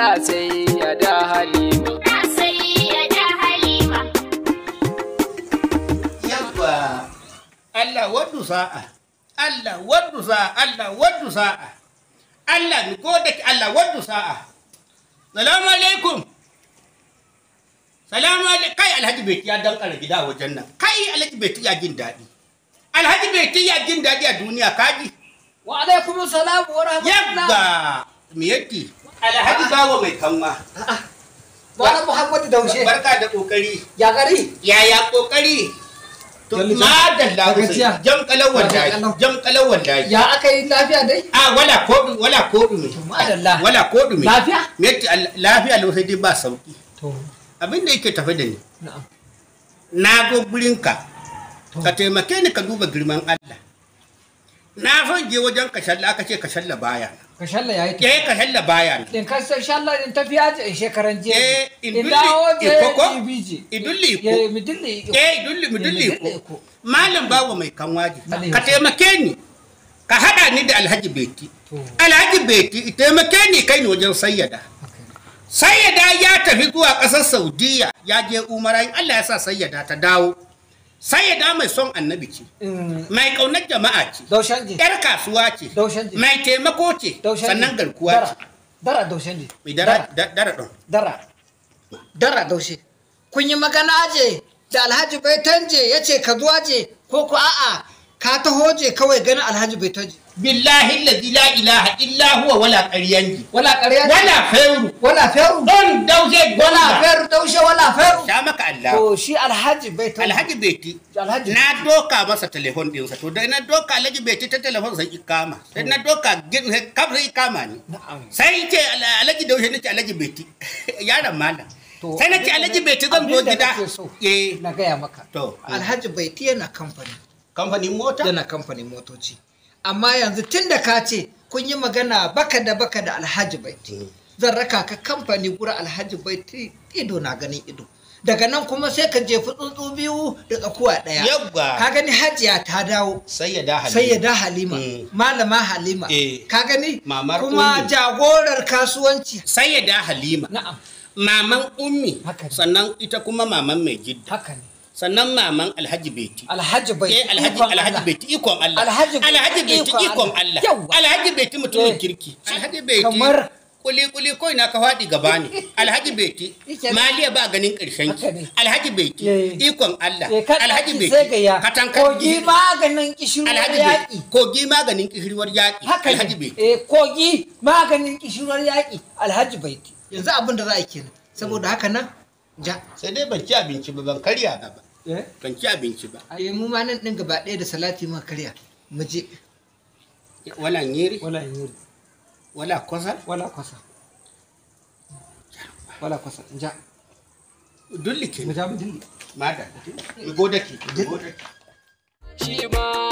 na sai ya da halima na sai ya da halima yabba Allah wadu sa'a Allah wadu sa'a Allah wadu sa'a Allah mi ko Allah wadu sa'a salamu alaikum salamu alaikum kai alhaji bai ya dan kara gida wajen nan kai alhaji bai ya jin daɗi alhaji bai ya jin daɗi a duniya kaji wa alaikum salam wa rahmatullah yabba me yake Alhaji bawa mai kanwa. Malam Muhammadu Daushe. Barka da kokari. Ya gari? Yaya kokari? Madalla Hussein, jam kalau wallahi, jam kalau wallahi. Ya aka yi lafiya dai? A wala ko wala ko dume. Madalla. Wala ko dume. Lafiya? Me lafiya lo sai dai ba sauki. To. Abin da yake tafe da ni. Na'am. Na go gurinka. Ka taimake ni ka duba girman Allah. na son je wajen kashalla aka ce kashalla baya kashalla yi ta eh kashalla baya din kashalla din tafiya in shekaran je eh dawo je ibiji idulli ko eh midulli ko eh idulli midulli eh, eh, ko malam bawo mai kanwaji ka taimake ni ka hada ni da alhaji beti alhaji beti taimake ni kai ni wajen sayyada sayyada ya tafi zuwa kasar saudiya ya je umara in Allah ya sa sayyada ta dawo ya mai son annabi ce mm. mai kaunar jama'a ce yar kasuwa ce mai taimako ce sannan garkuwa ce dara daushe ne dara dara don dara dara daushe kun yi magana je da alhaji bai tanje ya ce ka zuwa je ko ku a'a ka taho je kawai ganin alhaji bai je. billahi lazi la ilaha illa huwa wala qaryangi wala qaryangi wala fayru wala fayru don daushe wala fayru daushe wala fayru sha maka Allah to shi alhaji bai ta alhaji bai alhaji na doka masa telefon din to da na doka alhaji bai ta telefon sai ikama da na doka gin kaf sai ikama ne sai ce alhaji daushe ne alhaji bai ti yaran malam sai na ce alhaji bai ti zan zo gida eh na gaya maka to alhaji bai ti yana kamfani kamfanin mota yana kamfanin motoci amma yanzu tun da ka ce kun yi magana baka da baka da alhaji baiti hmm. zan raka ka kamfani gura alhaji baiti ido na ganin ido daga nan kuma sai ka jefi tsuntsu biyu da tsakuwa ɗaya yabba ka gani hajiya ta dawo sayyada halima sayyada halima hmm. malama halima eh. ka gani kuma jagorar kasuwanci sayyada halima na'am maman ummi sannan ita kuma maman mai gidda haka ne sannan maman alhaji beti alhaji beti eh, alhaji alhaji beti ikon Allah alhaji beti ikon Allah alhaji beti mutumin eh. kirki alhaji eh, beti kamar kuli kuli koi na ka faɗi gaba ne alhaji beti maliya ba ganin karshen ki alhaji beti ikon Allah alhaji beti katan kogi maganin kishirwar yaƙi kogi maganin kishirwar yaƙi alhaji beti kogi maganin kishirwar yaƙi alhaji beti yanzu abin da za a kenan saboda haka nan ja sai dai ban ci abinci ba ban karya ba eh? ban ci abinci ba eh mu ma nan din gaba ɗaya da salati muka karya mu je wala nyeri wala nyeri wala kwasa wala kwasa wala kwasa ja dulli ke mu ja mu dulli da mu godake mu godake shi ma